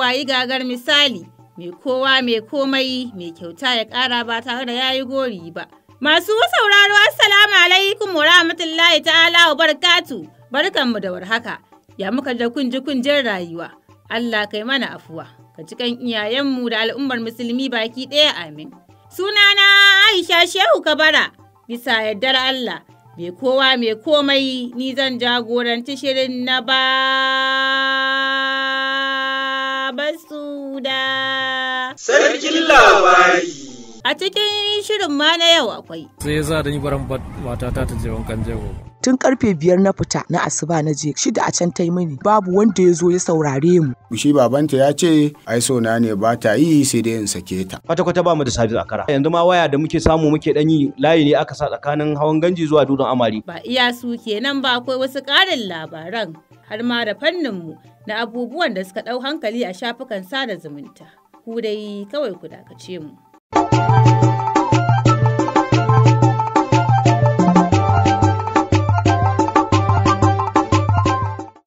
yi gagar misali mai kowa mai komai mai kyauta ya kara ba tare da yayi gori ba. Masu sauraro assalamu alaikum wa rahmatullahi ta'ala wa barakatu barkanmu da warhaka ya muka da kunji kunjin rayuwa Allah kai mana afuwa ka cikan kan iyayenmu da al'ummar musulmi baki ɗaya amin. Sunana Aisha Shehu Kabara bisa yardar Allah mai kowa mai komai ni zan jagoranci shirin na ba Dauda. Sarkin labari. A cikin shirin ma na yau akwai. Sai za da yi baran matata ta je wankan jego. Tun karfe biyar na fita na asuba na je shida a can ta yi mini babu wanda ya zo ya saurare mu. Shi babanta ya ce ai so na ne ba ta yi sai dai in sake ta. Kwata kwata ba mu da sabis a kara. Yanzu ma waya da muke samu muke dan yi layi ne aka sa tsakanin hawan ganji zuwa dudun amari. Ba iya su kenan ba akwai wasu ƙarin labaran. har ma da fanninmu na abubuwan da suka ɗau hankali a shafukan sada zumunta. Ku dai kawai ku dakace mu.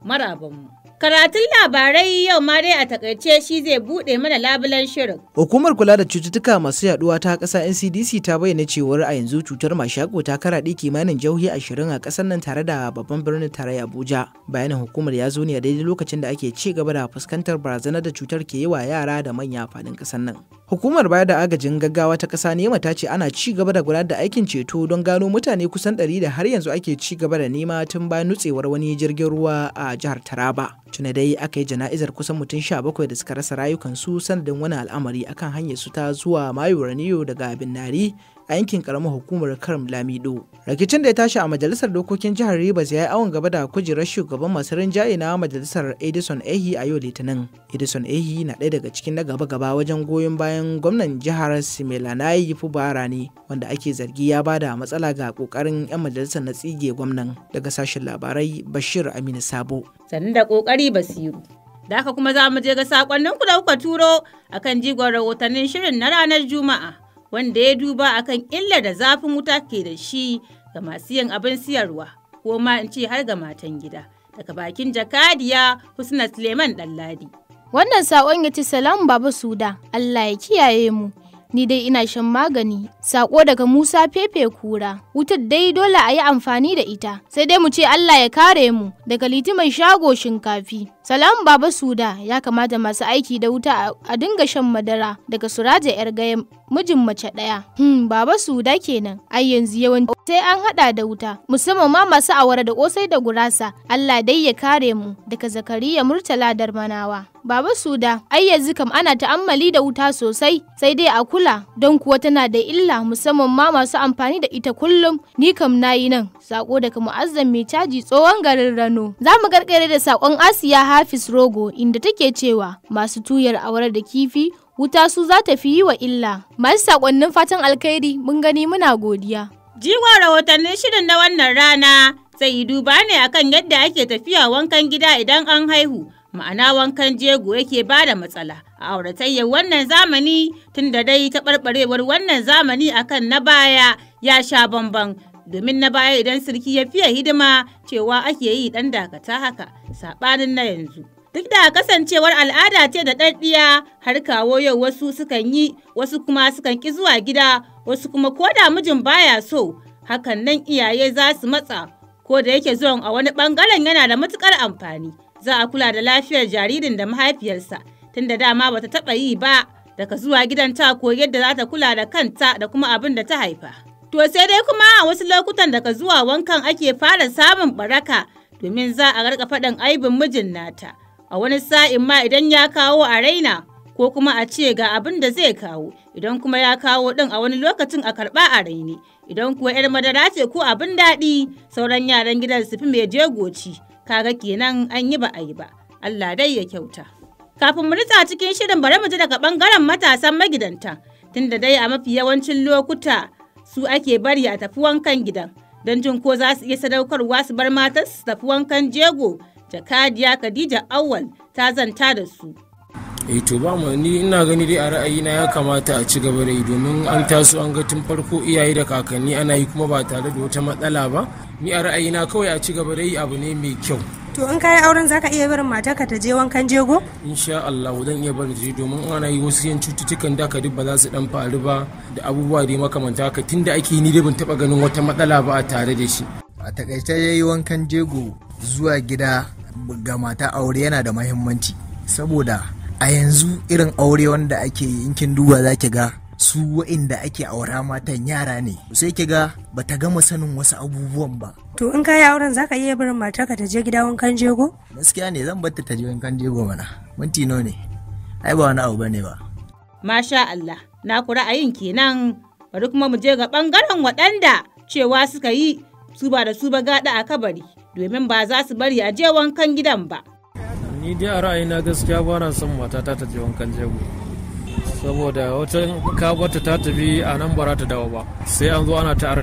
Marabanmu. Karatun labarai yau ma dai a takaice shi zai buɗe mana labulan shirin. Hukumar kula da cututtuka masu yaduwa ta kasa NCDC ta bayyana cewa a yanzu cutar mashako ta karaɗe kimanin jauhi ashirin a ƙasar nan tare da babban birnin tarayya Abuja. bayan hukumar ya zo ne a daidai lokacin da ake ci gaba da fuskantar barazanar da cutar ke yi wa yara da manya faɗin ƙasar nan. Hukumar bayar da agajin gaggawa ta ƙasa nema ta ce ana ci gaba da gudanar da aikin ceto don gano mutane kusan ɗari da har yanzu ake ci gaba da nema tun bayan nutsewar wani jirgin ruwa a jihar Taraba. tuna dai aka yi jana'izar kusan mutum sha bakwai da suka rasa rayukansu sanadin wani al'amari akan hanyar su ta zuwa mayu raniyo daga binnari a yankin karamar hukumar Karm Lamido. Rikicin da ya tashi a majalisar dokokin jihar Rivers ya yi awon gaba da kujerar shugaban masu rinjaye na majalisar Edison Ehi a yau Litinin. Edison Ehi na ɗaya daga cikin na gaba-gaba wajen goyon bayan gwamnan jihar Simelanayi Fubara ne wanda ake zargi ya bada matsala ga kokarin 'yan majalisar na tsige gwamnan daga sashen labarai Bashir Aminu Sabo. Sannan da kokari Basiru. Da aka kuma za mu je ga sakonninku da kuka turo akan jigon rahotannin shirin na ranar Juma'a. wanda ya duba a kan illar da zafin wuta ke da shi ga masu yin abin siyarwa ko ma in ce har ga matan gida daga bakin jakadiya Husna Suleiman Ɗanladi. Wannan saƙon ya ci salam baba suda Allah ya kiyaye mu. Ni dai ina shan magani, saƙo daga Musa Fefe Kura, wutar dai dole a yi amfani da ita, sai dai mu ce Allah ya kare mu daga litimar shago shinkafi. Salamu Baba Suda ya kamata masu aiki da wuta a dinga shan madara daga Suraja yar gayan mijin mace ɗaya. Hmm, Baba Suda kenan. Ai yanzu yawanci sai an haɗa da wuta musamman ma masu awara da ƙosai da gurasa. Allah dai ya kare mu daga Zakariya Murtala Darmanawa. Baba Suda, ai yanzu kam ana ta'ammali da wuta sosai, sai dai a kula don kuwa tana da illa musamman ma masu amfani da ita kullum. Ni kam nayi nan, sako daga mu'azzam mai caji tsohon garin Rano. Za mu karkare da sakon Asiya Hafiz Rogo inda take cewa masu tuyar aure da kifi wuta su za ta fi yi wa illa. Masu saƙonnin fatan alkhairi mun gani muna godiya. jiwa rahotannin shirin na wannan rana zai yi duba ne akan yadda ake tafiya wankan gida idan an haihu. Ma'ana wankan jego yake ba da matsala a auratayyar wannan zamani tun da dai taɓarɓarewar wannan zamani akan na baya ya sha bamban domin na baya idan sarki ya fiye hidima cewa ake yi dan dakata haka saɓanin na yanzu. Duk da kasancewar al'ada ce da ɗaɗɗiya har kawo yau wasu sukan yi wasu kuma sukan ƙi zuwa gida wasu kuma ko da mijin baya so hakan nan iyaye za su matsa ko da yake zuwan a wani ɓangaren yana da matuƙar amfani za a kula da lafiyar jaririn da mahaifiyarsa tunda dama bata taɓa yi ba daga zuwa gidan ta ko yadda za ta kula da kanta da kuma abin da ta haifa. To sai dai kuma a wasu lokutan daga zuwa wankan ake fara samun baraka domin za a rika faɗin aibin mijin nata. A wani sa'in ma idan ya kawo a raina ko kuma a ce ga abin da zai kawo idan kuma ya kawo ɗin a wani lokacin a karɓa a raini idan kuwa 'yar madara ce ko abin daɗi sauran yaran gidan su fi mai jegoci kaga kenan an yi ba a yi ba Allah dai ya kyauta. Kafin mu ritsa cikin shirin bari mu ji daga ɓangaren matasan magidanta tunda dai a mafi yawancin lokuta su ake bari a tafi wankan gidan don jin ko za su iya sadaukarwa su bar matar su tafi wankan jego jakadiya khadija awal ta zanta da su e to ba mu ni ina gani dai a ra'ayi na ya kamata a ci gaba da yi domin an taso an ga tun farko iyaye da kakanni ana yi kuma ba tare da wata matsala ba ni a ra'ayina kawai a ci gaba da yi abu ne mai kyau to in kayi auren zaka iya barin matarka ta je wankan jego insha Allah zan iya barin je domin ana yi wasu yan cututtukan da ka ba za su dan faru ba da abubuwa da makamanta haka tunda ake ni dai ban taba ganin wata matsala ba a tare da shi a takaice yayi wankan jego zuwa gida ga mata aure yana da mahimmanci saboda a yanzu irin aure wanda ake yi in kin duba zaki ga su wa'inda ake aura matan yara ne sai ki ga bata gama sanin wasu abubuwan ba to in ka yi auren za ka iya barin ka ta je gida wankan jego gaskiya ne zan batta ta je wankan jego mana minti nawa ne ai ba wani abu bane ba masha Allah na ku ra'ayin kenan bari kuma mu je ga bangaren waɗanda cewa suka yi su ba da su ba gada a kabari domin ba za su bari a je wankan gidan ba ni dai a ra'ayina gaskiya ba na son matata ta je wankan jego saboda wata kabarta ta tafi a nan ba ta dawo ba sai an zo ana ta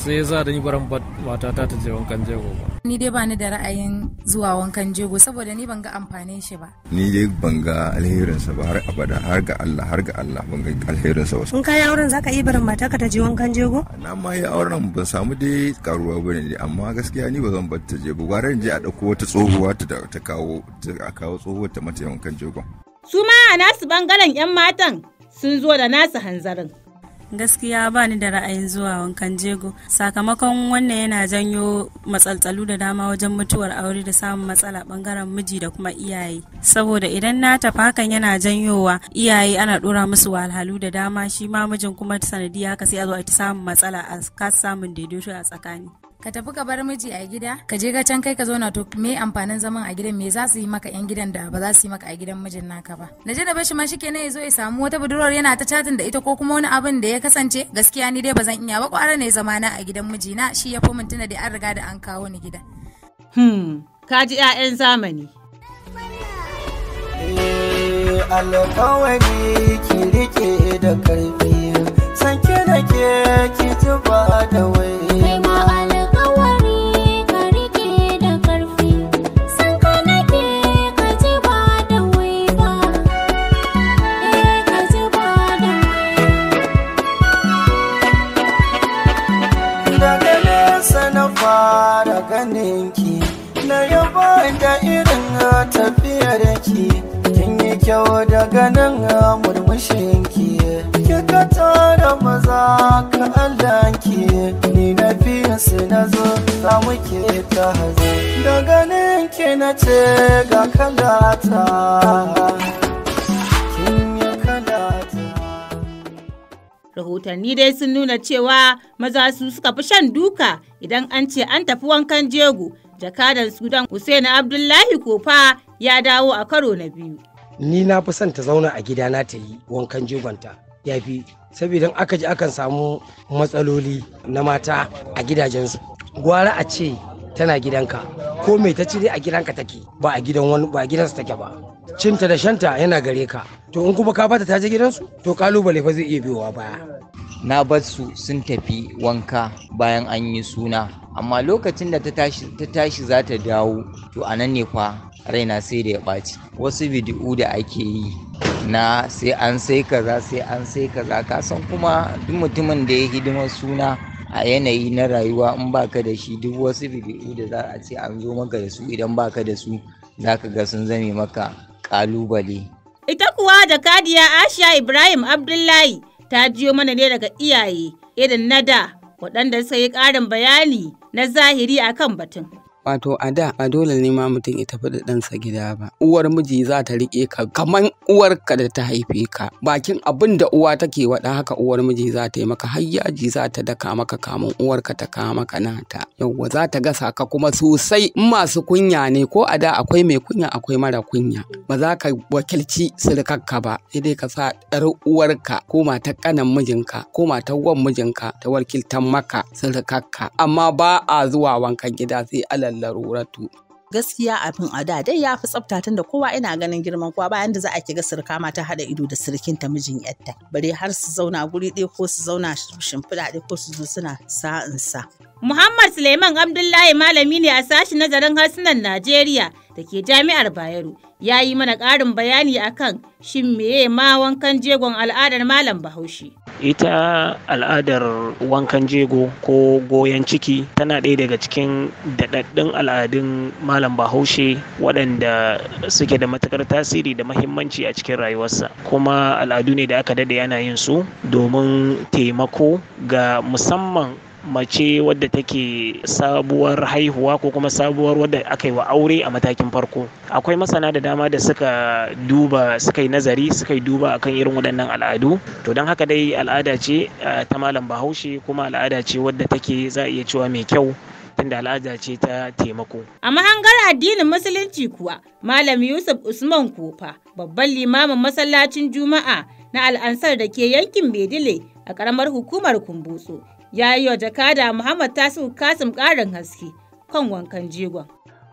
sai za da ni baran matata ta je wankan jego ba ni dai ba ni da ra'ayin zuwa wankan jego saboda ni ban ga amfanin shi ba ni dai ban ga alherinsa ba har abada har ga Allah har ga Allah ban ga alherinsa ba in kai auren zaka yi barin ka ta je wankan jego na ma yi auren ban samu dai karuwa ba ne amma gaskiya ni ba zan bar ta je ba gwaran je a dauko wata tsohuwa ta kawo ta kawo tsohuwa ta mata wankan jego su ma a nasu bangaren yan matan sun zo da nasu hanzarin gaskiya ba ni da ra'ayin zuwa wankan jego sakamakon wannan yana janyo matsaltsalu da dama wajen mutuwar aure da samun matsala bangaren miji da kuma iyaye saboda idan na tafi hakan yana janyowa iyaye ana dora musu wahalhalu da dama shi ma mijin kuma sanadiyya haka sai a zo a samun matsala a kasa samun daidaito a tsakani ka tafi ka bar miji a gida ka je ka can kai ka zauna to me amfanin zaman a gidan me za su yi maka yan gidan da ba za su yi maka a gidan mijin naka ba na je da bashi ma shike ne zo ya samu wata budurwar yana ta chatin da ita ko kuma wani abin da ya kasance gaskiya ni dai ba zan iya ba kwara ne zama na a gidan mijina shi ya fi mintuna da an riga da an kawo ni gida hmm ka ji 'ya'yan zamani eh, alƙawari ki rike da karfi sanke da ke ki tuba da wai kyau daga nan a murmushin ki kika tara maza ka allanki ni na fi su na zo za mu ke ta hazo daga nan ki na ce ga kalata rahotanni dai sun nuna cewa maza su suka fi shan duka idan an ce an tafi wankan jego jakadan sudan Hussein abdullahi kofa ya dawo a karo na biyu ni na fi son ta zauna a gida na ta yi wankan jigonta ya fi saboda aka ji akan samu matsaloli na mata a gidajensu gwara a ce tana gidanka ko mai ta cire a gidanka take ba a gidan wani ba a gidansu take ba cinta da shanta yana gare ka to in kuma ka bata ta je gidansu to kalubale fa zai iya biyowa baya na bar su sun tafi wanka bayan an yi suna amma lokacin da ta tashi za ta dawo to anan ne fa raina sai da ya ɓaci wasu bidi'u da ake yi na sai an sai kaza sai an sai kaza ka san kuma duk mutumin da ya hidima suna a yanayi na rayuwa in baka da shi duk wasu bidi'u da za a ce an zo maka da su idan baka da su za ka ga sun zame maka kalubale. ita kuwa da kadiya asha ibrahim abdullahi ta jiyo mana ne daga iyaye irin na da waɗanda suka yi ƙarin bayani na zahiri akan batun. Wato a da ba dole ne ma mutum ya tafi da ɗansa gida ba. Uwar miji za ta riƙe ka kaman uwarka da ta haife ka. Bakin abin da uwa take waɗa haka uwar miji za ta yi maka hayyaji za ta daka maka kamun uwarka ta kawo maka nata. Yawwa za ta gasa ka kuma sosai in masu kunya ne ko a da akwai mai kunya akwai mara kunya. Ba za ka wakilci sirikarka ba sai dai ka sa ɗar uwarka ko matar ƙanan mijinka ko matar wan mijinka ta wakiltan maka sirkakka Amma ba a zuwa wankan gida sai alal laruratu gaskiya abin a da dai ya fi tsafta tun da kowa ina ganin girman kowa bayan da za a kiga sirka ma ta haɗa ido da sirkin ta mijin yatta bare har su zauna guri ɗaya ko su zauna shimfiɗa ɗaya ko su zo suna sa'insa. Muhammad Suleiman Abdullahi malami ne a sashi nazarin harsunan Najeriya da ke jami'ar Bayero. ya yi mana ƙarin bayani akan shin meye ma wankan jegon al'adar malam bahaushe ita al'adar wankan jego ko goyon ciki tana ɗaya daga cikin daɗaɗɗun al'adun malam bahaushe waɗanda suke da matukar tasiri da mahimmanci a cikin rayuwarsa kuma al'adu ne da aka daɗe yana yin su domin taimako ga musamman mace wadda take sabuwar haihuwa ko kuma sabuwar wadda aka yi wa aure a matakin farko akwai masana da dama da suka duba suka yi nazari suka yi duba akan irin waɗannan al'adu to don haka dai al'ada ce eh, ta malam bahaushe kuma al'ada ce wadda take za a iya cewa mai kyau tunda al'ada ce ta taimako. A mahangar addinin musulunci kuwa Malam Yusuf Usman Kofa babban limamin masallacin Juma'a na al'ansar da ke yankin Bedile a karamar hukumar Kumbutso ya yi wa jakada Muhammad Tasiru Kasim ƙarin haske kan wankan jigon.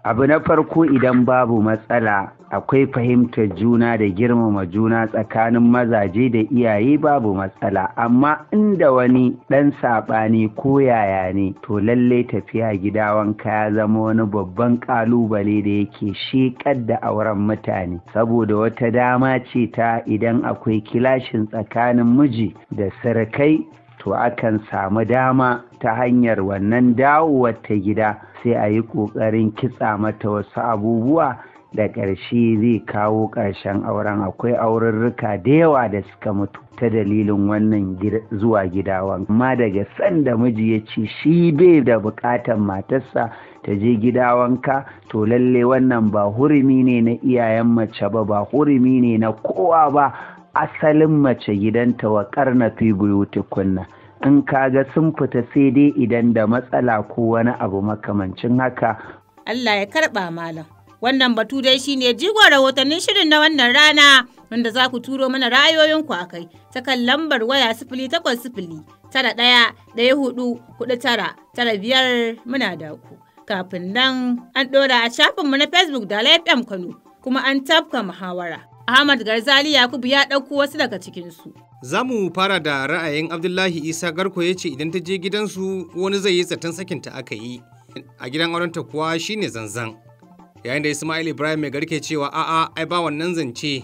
Abu na farko idan babu matsala akwai fahimtar juna da girmama juna tsakanin mazaje da iyaye babu matsala amma inda wani ɗan saɓani ko yaya ne to lallai tafiya gida wanka ya zama wani babban ƙalubale da yake sheƙar da auren mutane saboda wata dama ce ta idan akwai kilashin tsakanin miji da sarakai to akan samu dama ta hanyar wannan dawowar ta gida sai a yi ƙoƙarin kitsa mata wasu abubuwa da ƙarshe zai kawo ƙarshen auren akwai aurarruka da yawa da suka mutu ta dalilin wannan zuwa gidawan amma daga sanda miji ya ce shi bai da buƙatar matarsa ta je gidawanka to lalle wannan ba hurumi ne na iyayen mace ba ba hurumi ne na kowa ba asalin mace gidanta wa karna fi tukunna in kaga sun fita sai dai idan da matsala ko wani abu makamancin haka Allah ya karɓa malam wannan batu dai shine jigo rahotannin shirin na wannan rana wanda za ku turo mana ra'ayoyinku a kai ta kan lambar waya sifili takwas sifili tara ɗaya ɗaya hudu hudu tara tara biyar muna da ku kafin nan an ɗora a shafinmu na facebook da fm kano kuma an tafka muhawara. Ahmad Garzali Yakubu ya ɗauko wasu daga cikinsu. Za mu fara da ra'ayin Abdullahi Isa Garko ya ce idan ta je gidansu wani zai yi zaton sakinta aka yi. A gidan aurenta kuwa shine zanzan. Yayin da Ismail Ibrahim mai garke cewa a'a ai ba wannan zance.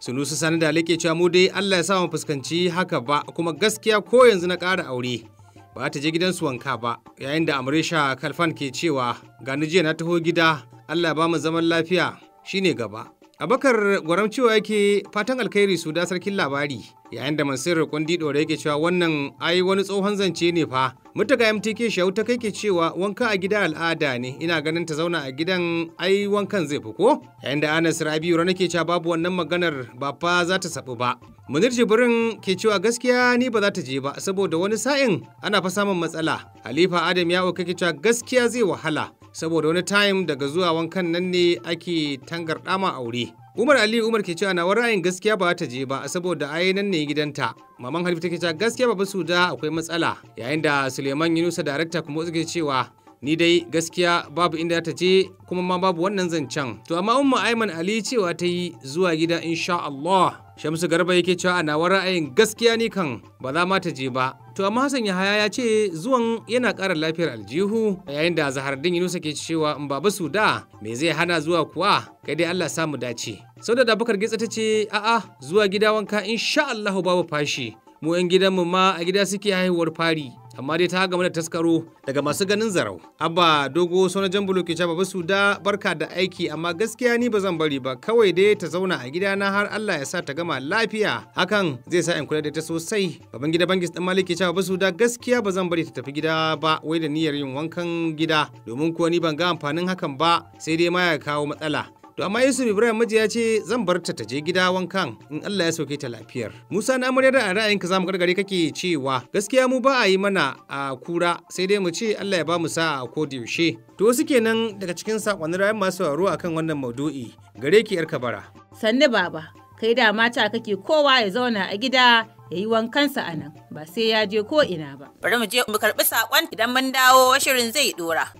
Sunusu Sani da lake cewa mu dai Allah ya sa mu fuskanci haka ba kuma gaskiya ko yanzu na ƙara aure. Ba ta je gidansu wanka ba yayin da Amrisha Kalfan ke cewa gani jiya na taho gida Allah ya ba mu zaman lafiya shine gaba. Abakar gwaram cewa yake fatan alkhairi su da sarkin labari yayin da Mansur kundi dore yake cewa wannan ai wani tsohon zance ne fa. Mutaka MTK Shau ta kai ke cewa wanka a gida al'ada ne ina ganin ta zauna a gidan ai wankan zai fi ko? Yayin da Anas Rabiu rana ke cewa babu wannan maganar ba fa za ta sabu ba. Munir Jibrin ke cewa gaskiya ni ba za ta je ba saboda wani sa'in ana fa samun matsala. Halifa Adam ya ke cewa gaskiya zai wahala saboda wani time daga zuwa wankan nan ne ake tangarɗama dama aure Umar Ali Umar ke cewa na ra'ayin gaskiya ba ta je ba saboda ai nan ne gidanta. Maman Halifu ke cewa gaskiya ba su da akwai matsala. Yayin da Suleiman Yunusa darakta kuma suke cewa ni dai gaskiya babu inda ta je kuma ma babu wannan zancen. To amma Umma Aiman Ali cewa ta yi zuwa gida insha Allah Shamsu Garba yake cewa a nawa ra'ayin gaskiya ni kan ba za ma ta je ba. To amma Hassan Yahaya ya ce zuwan yana kara lafiyar aljihu yayin da Zahardin Yunusa ke cewa in baba su da me zai hana zuwa kuwa kai dai Allah samu dace. Sau da dabakar gitsa ta ce a'a zuwa gida wanka insha Allahu babu fashi. Mu 'yan gidanmu ma a gida suke haihuwar fari. amma dai ta gama da taskaro daga masu ganin zarau. Abba dogo sauna jan bulo ke basu da barka da aiki amma gaskiya ni ba zan bari ba kawai dai ta zauna a gida na har Allah ya sa ta gama lafiya hakan zai sa in kula da ta sosai. Baban gida bangis din Malik ke basu da gaskiya ba zan bari ta tafi gida ba wai da niyyar yin wankan gida domin kuwa ni ban ga amfanin hakan ba sai dai ma ya kawo matsala. To amma Yusuf Ibrahim Maji ya ce zan bar ta ta je gida wankan in Allah ya sauke ta lafiyar. Musa na Amarya da ra'ayinka zamu gargare kake cewa gaskiya mu ba a yi mana a kura sai dai mu ce Allah ya ba mu sa'a a koda yaushe. To wasu kenan daga cikin sakonnin ra'ayin masu sauraro akan wannan maudu'i gare ki yar kabara. Sanni baba kai da mata kake kowa ya zauna a gida ya yi wankansa a nan ba sai ya je ko ina ba. Bari mu je mu karɓi saƙon idan mun dawo shirin zai ɗora.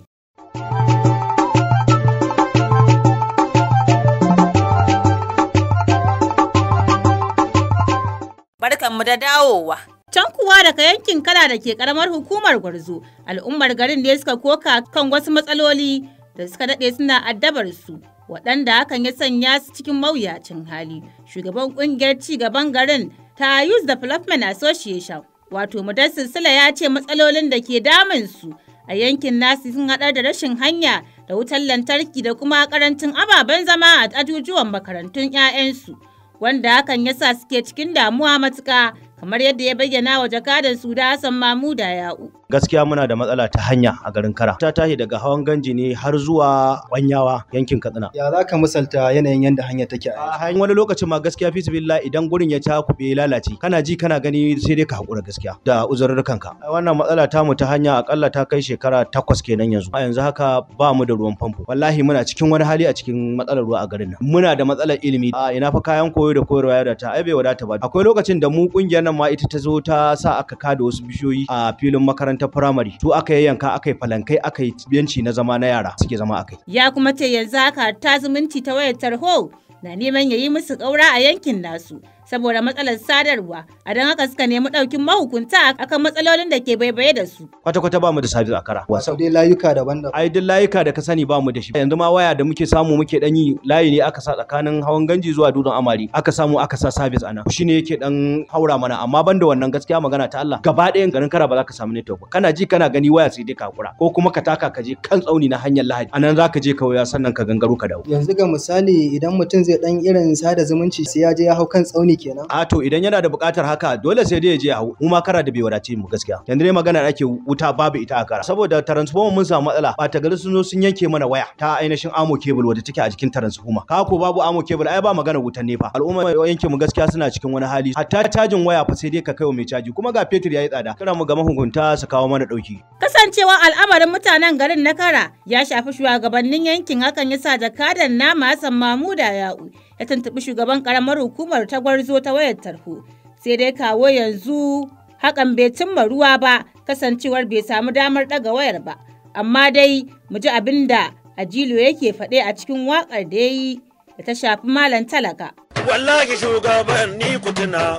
barkanmu da dawowa. Can kuwa daga yankin kala da ke karamar hukumar gwarzo, al'ummar garin ne suka koka kan wasu matsaloli da suka daɗe suna addabar su, waɗanda hakan ya sanya su cikin mawuyacin hali. Shugaban ƙungiyar ci gaban garin ta Youth Development Association, wato mudan Sula ya ce matsalolin da ke damun su a yankin nasu sun haɗar da rashin hanya da wutar lantarki da kuma karancin ababen zama a ajujuwan makarantun 'ya'yansu. wanda hakan ya sa suke cikin damuwa matuƙa kamar yadda ya bayyana wa jakadan Suda Hassan Mamuda Ya'u. Gaskiya muna da matsala ta hanya a garin Kara. Ta tashi daga hawan ganji ne har zuwa Banyawa yankin Katsina. Ya za ka misalta yanayin yadda hanya take a yanzu? Wani lokacin ma gaskiya fi billah idan gurin ya cakube lalace kana ji kana gani sai dai ka haƙura gaskiya da ka. Wannan matsala tamu ta hanya akalla ta kai shekara takwas kenan yanzu. A yanzu haka ba mu da ruwan famfo. Wallahi muna cikin wani hali a cikin matsalar ruwa a garin nan. Muna da matsalar ilimi. A ina fa kayan koyo da koyarwa ya wadata ai bai wadata ba. Akwai lokacin da mu kungiyar nan ma ita ta zo ta sa aka kada wasu bishiyoyi a filin makarantar firamare to aka yayyanka aka yi falankai aka yi benci na zama na yara suke zama akai ya kuma ce yanzu haka ta zumunci ta wayar tarho na neman ya yi musu ƙaura a yankin nasu saboda matsalar sadarwa a don haka suka nemi ɗaukin mahukunta akan matsalolin da ke baibaye da su. Kwata kwata ba mu da sabis a kara. Wasa dai layuka daban daban. Ai duk layuka da ka sani ba mu da shi. Yanzu ma waya da muke samu muke ɗan yi layi ne aka sa tsakanin hawan ganji zuwa dudun amari aka samu aka sa sabis a nan shine yake ɗan haura mana amma ban da wannan gaskiya magana ta Allah gaba ɗayan garin kara ba za ka samu network ba kana ji kana gani waya sai dai ka kura ko kuma ka taka ka je kan tsauni na hanyar lahadi anan za ka je ka waya sannan ka gangaro ka dawo. Yanzu ga misali idan mutum zai ɗan irin sada zumunci sai ya je ya hau kan tsauni ne kenan a to idan yana da bukatar haka dole sai dai ya je hau mu ma kara da bai wadace mu gaskiya yanzu dai magana ake wuta babu ita a kara saboda transformer mun samu matsala ba ta gari sun zo sun yanke mana waya ta ainihin amo cable wadda take a jikin transformer ka ko babu amo cable ai ba magana wutan fa al'umma yanke mu gaskiya suna cikin wani hali hatta cajin waya fa sai dai ka kai wa mai caji kuma ga fetur yayi tsada kira mu ga mahungunta su kawo mana dauki kasancewa al'amarin mutanen garin na kara ya shafi shugabannin yankin hakan yasa jakadan nama Hassan Mamuda Ya'u ya tuntuɓi shugaban ƙaramar hukumar ta gwarzo ta wayar tarho sai dai kawo yanzu hakan bai cimma ruwa ba kasancewar bai samu damar ɗaga wayar ba amma dai mu ji abin da ajilo yake faɗe a cikin waƙar da ya yi da ta shafi malam talaka. wallahi shugaban ni ku tuna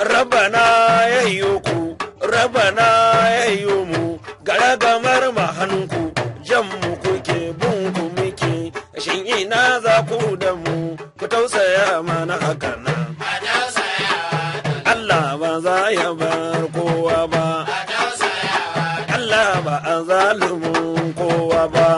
rabana ya yiwu ku rabana ya yi mu gara gamar ma ku jan mu ku shin ina za ku da mu ku tausaya mana haka nan. Allah ba za ya bar kowa ba. Allah ba a zalumin kowa ba.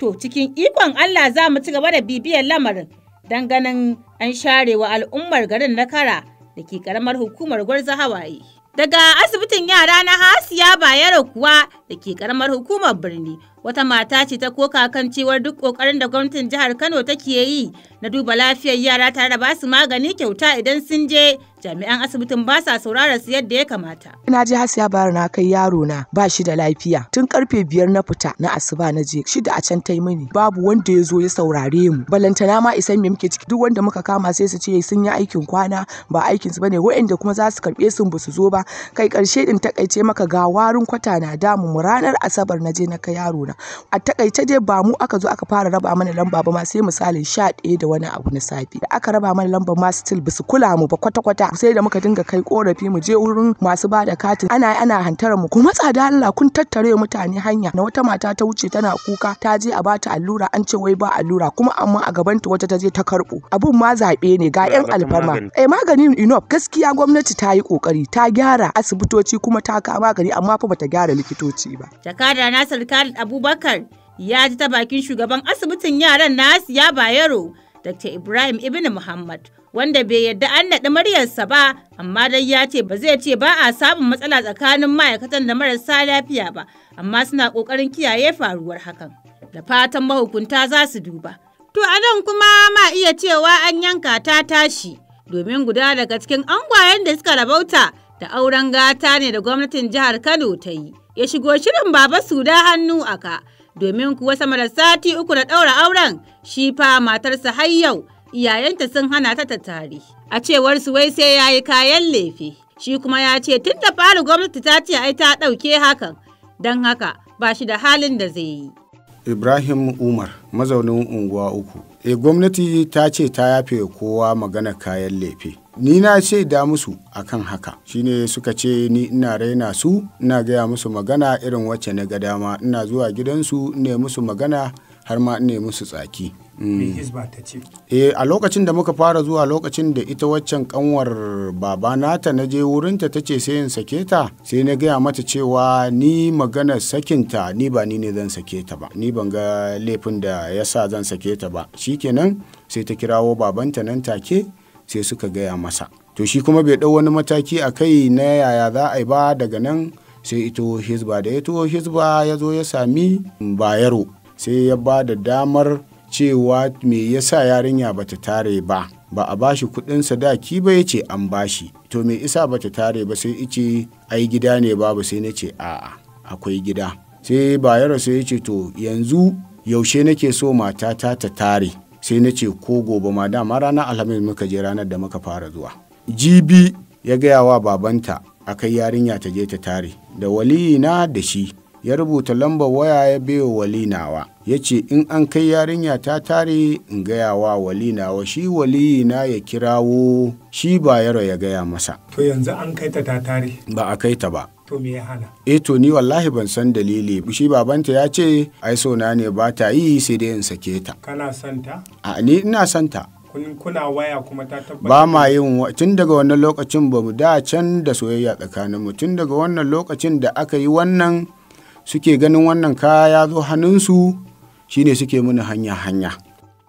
To cikin ikon Allah za mu ci gaba da bibiyar lamarin don ganin an sharewa al'ummar garin na kara da ke karamar hukumar gwarza hawaye. Daga asibitin yara na Hasiya Bayero kuwa da ke karamar hukumar birni wata mata ce ta koka kan cewar duk kokarin da gwamnatin jihar kano take yi na duba lafiyar yara tare da basu magani kyauta idan sun je jami'an asibitin ba sa saurara su yadda ya kamata. ji je Hasiya Bayar na kai yaro na ba shi da lafiya tun karfe biyar na fita na asuba na je shida a can tai mini babu wanda ya zo ya saurare mu balantana ma isan me muke ciki duk wanda muka kama sai su ce sun yi aikin kwana ba aikin su bane waɗanda kuma za su karɓe sun ba su zo ba kai karshe din takaice maka ga warin kwata na damun mu ranar Asabar na je na kai yaro na. A takaice dai ba mu aka zo aka fara raba mana lamba ba ma sai misalin sha ɗaya da wani abu na safe. Da aka raba mana lamba ma still basu kula mu ba kwata-kwata sai da muka dinga kai korafi mu je wurin masu ba da katin ana ana hantarar mu kuma tsada Allah kun tattare mutane hanya na wata mata ta wuce tana kuka ta je a bata allura an ce wai ba allura kuma amma a gabanta wata ta je ta karbo abun ma zaɓe ne ga yan alfarma eh maganin enough gaskiya gwamnati ta yi kokari ta gyara asibitoci kuma ta kama magani amma fa bata gyara likitoci su ba. Jakada Nasir Khalid Abubakar ya ji ta bakin shugaban asibitin yaran na ya Bayero Dr. Ibrahim Ibn Muhammad wanda bai yadda an naɗi muryarsa ba amma dai ya ce ba zai ce ba a samun matsala tsakanin ma'aikatan da marasa lafiya ba amma suna ƙoƙarin kiyaye faruwar hakan. Da fatan mahukunta za su duba. To a nan kuma ma iya cewa an yanka ta tashi domin guda daga cikin angwayen da suka rabauta da auren gata ne da gwamnatin jihar Kano ta yi. ya shigo shirin baba su da hannu aka domin kuwa sama da sati uku da ɗaura auren shi fa matarsa har yau iyayenta sun hana ta ta tattari. A cewar su wai sai ya yi kayan lefe. Shi kuma ya ce tun da fari gwamnati ta ce ai ta ɗauke hakan don haka ba shi da halin da zai yi. Ibrahim Umar mazaunin unguwa uku. E gwamnati ta ce ta yafe kowa magana kayan lefe. ni na da musu kan haka shine suka ce ni ina raina su ina gaya musu magana irin wacce na ga dama ina zuwa gidansu ne musu magana har ma ne musu tsaki e a lokacin da muka fara zuwa lokacin da ita waccan kanwar baba nata na je wurinta ta ce sai in sake ta sai na gaya mata cewa ni magana sakinta ni ba ni ne zan sake ta ba ni ban ga laifin da ya sa zan sake ta ba shikenan sai ta kirawo babanta nan take sai suka gaya masa to shi kuma bai ɗau wani mataki a kai na yaya za a yi ba daga nan sai ito hizba da ya to hizba ya zo ya sami bayero sai ya ba da damar cewa me yasa yarinya ba ta tare ba ba a ba shi kuɗin sadaki ba ya ce an bashi to me isa ba ta tare ba sai ice ai gida ne babu sai na ce a'a akwai gida sai bayero sai yace to yanzu yaushe nake so matata ta tare sai na ce ko gobe ma dama ranar alhamis muka je ranar da muka fara zuwa jibi ya gaya wa babanta a kai yarinya ta je ta tare da waliyi da shi ya rubuta lambar waya ya biyo walinawa. ya ce in an kai yarinya ta tare in gaya wa walinawa shi walina ya kirawo shi ba yaro ya gaya masa to yanzu an kai ta ta tare ba a kai ta ba to me ya hana eh to ni wallahi ban san dalili shi babanta ya ce ai so na ne ba ta yi sai dai in sake ta kana santa a ni ina santa kuna waya kuma ta tabbata ba ma yin tun daga wannan lokacin ba mu da can da soyayya tsakaninmu tun daga wannan lokacin da aka yi wannan suke ganin wannan kaya zo hannunsu shine suke mini hanya-hanya.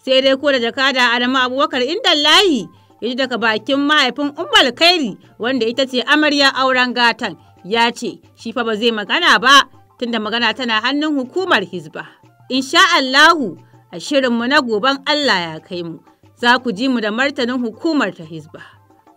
Sai dai ko da jakada Adamu Abubakar inda layi ya ji daga bakin mahaifin Ummal Kairi wanda ita ce amarya auren gatan ya ce shi fa ba zai magana ba tunda magana tana hannun hukumar Hizba. Insha Allahu a shirinmu na goban Allah ya kai mu za ku ji mu da martanin hukumar ta Hizba.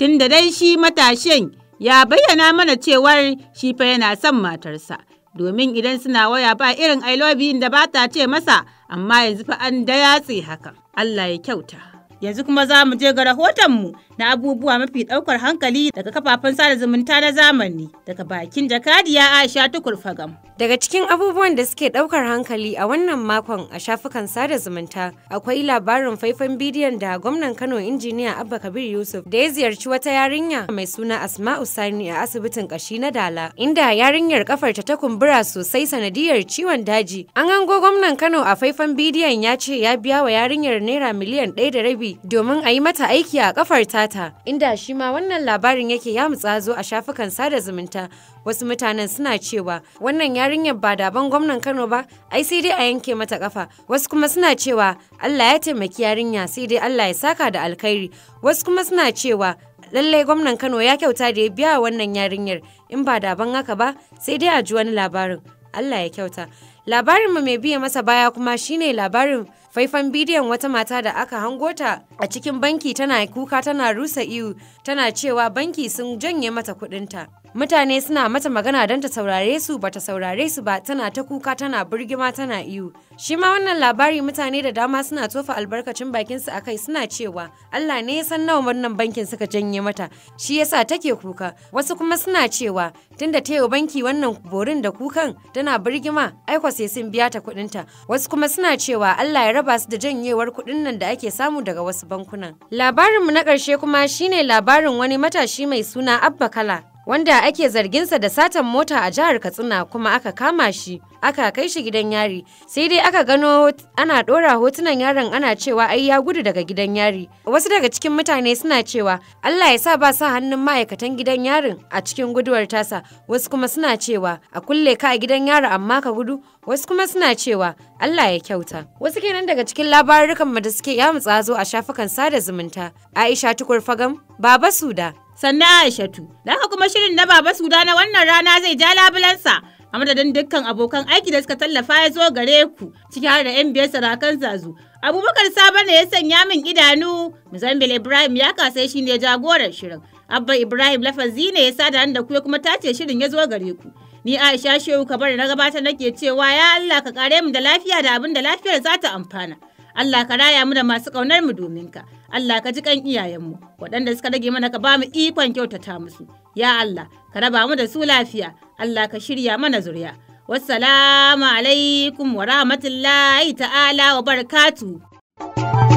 Tunda dai shi matashin ya bayyana mana cewar shi fa yana son matarsa. domin idan suna waya ba irin I love you da ba ta ce masa amma yanzu fa an da yatsi hakan. Allah ya kyauta. Yanzu kuma za mu je ga rahotonmu na abubuwa mafi ɗaukar hankali daga kafafen sada zumunta na zamani daga bakin jakadiya Aisha Tukur Fagam. Daga cikin abubuwan da suke ɗaukar hankali a wannan makon a shafukan sada zumunta akwai labarin faifan bidiyon da gwamnan Kano injiniya Abba Kabir Yusuf da ya ziyarci wata yarinya mai suna asma Sani a asibitin kashi na Dala inda yarinyar kafar ta kumbura sosai sanadiyar ciwon daji. An hango gwamnan Kano a faifan bidiyon ya ce ya biya wa yarinyar naira miliyan ɗaya da rabi domin a yi mata aiki a ƙafarta wadata inda shi ma wannan labarin yake ya mutsazo a shafukan sada zumunta wasu mutanen suna cewa wannan yarinyar ba daban gwamnan Kano ba ai sai dai a yanke mata kafa wasu kuma suna cewa Allah ya taimaki yarinya sai dai Allah ya saka da alkhairi wasu kuma suna cewa lallai gwamnan Kano ya kyauta da ya biya wannan yarinyar in ba daban haka ba sai dai a ji wani labarin Allah ya kyauta labarin mu mai biya masa baya kuma shine labarin faifan bidiyon wata mata da aka hango ta a cikin banki tana kuka tana rusa iyu tana cewa banki sun janye mata kuɗinta Mutane suna mata magana don ta saurare su ba ta saurare su ba tana ta kuka tana birgima tana iyo. Shi ma wannan labari mutane da dama suna tofa albarkacin su a kai suna cewa Allah ne ya san nawa wannan bankin suka janye mata shi yasa take kuka. Wasu kuma suna cewa tunda ta yi banki wannan borin da kukan tana birgima kwa sai sun biya ta ta Wasu kuma suna cewa Allah ya raba su da janyewar kuɗin nan da ake samu daga wasu bankunan. Labarinmu na karshe kuma shine labarin wani matashi mai suna Abba Kala wanda ake zarginsa da satan mota a jihar Katsina kuma aka kama shi aka kai shi gidan yari sai dai aka gano ana ɗora hotunan yaron ana cewa ai ya gudu daga gidan yari wasu daga cikin mutane suna cewa Allah ya sa ba sa hannun ma'aikatan gidan yarin a cikin guduwar tasa wasu kuma suna cewa a kulle ka a gidan yari amma ka gudu wasu kuma suna cewa Allah ya kyauta wasu kenan daga cikin labarukan da suke yamu zo a shafukan sada zumunta Aisha Tukur Fagam Baba Suda sannan Aishatu. Da haka kuma shirin na Baba Suda na wannan rana zai ja labulansa a madadin dukkan abokan aiki da suka tallafa ya zo gare ku ciki har da yan biyar sarakan zazu. Abubakar Sabo ne ya sanya min idanu, Muzambil Ibrahim ya kasai shi ne jagoran shirin. Abba Ibrahim lafazi ne ya sada da ku ya kuma tace shirin ya zo gare ku. Ni Aisha Shehu kabar na gabatar nake cewa ya Allah ka kare mu da lafiya da abin da lafiyar za ta amfana. Allah ka raya mu da masu kaunar mu domin ka. Allah ka ji kan iyayenmu waɗanda suka rage mana ka ba mu ikon kyautata musu ya Allah ka raba mu da su lafiya Allah ka shirya mana zuriya wassalamu alaikum wa rahmatullahi ta'ala wa barkatu.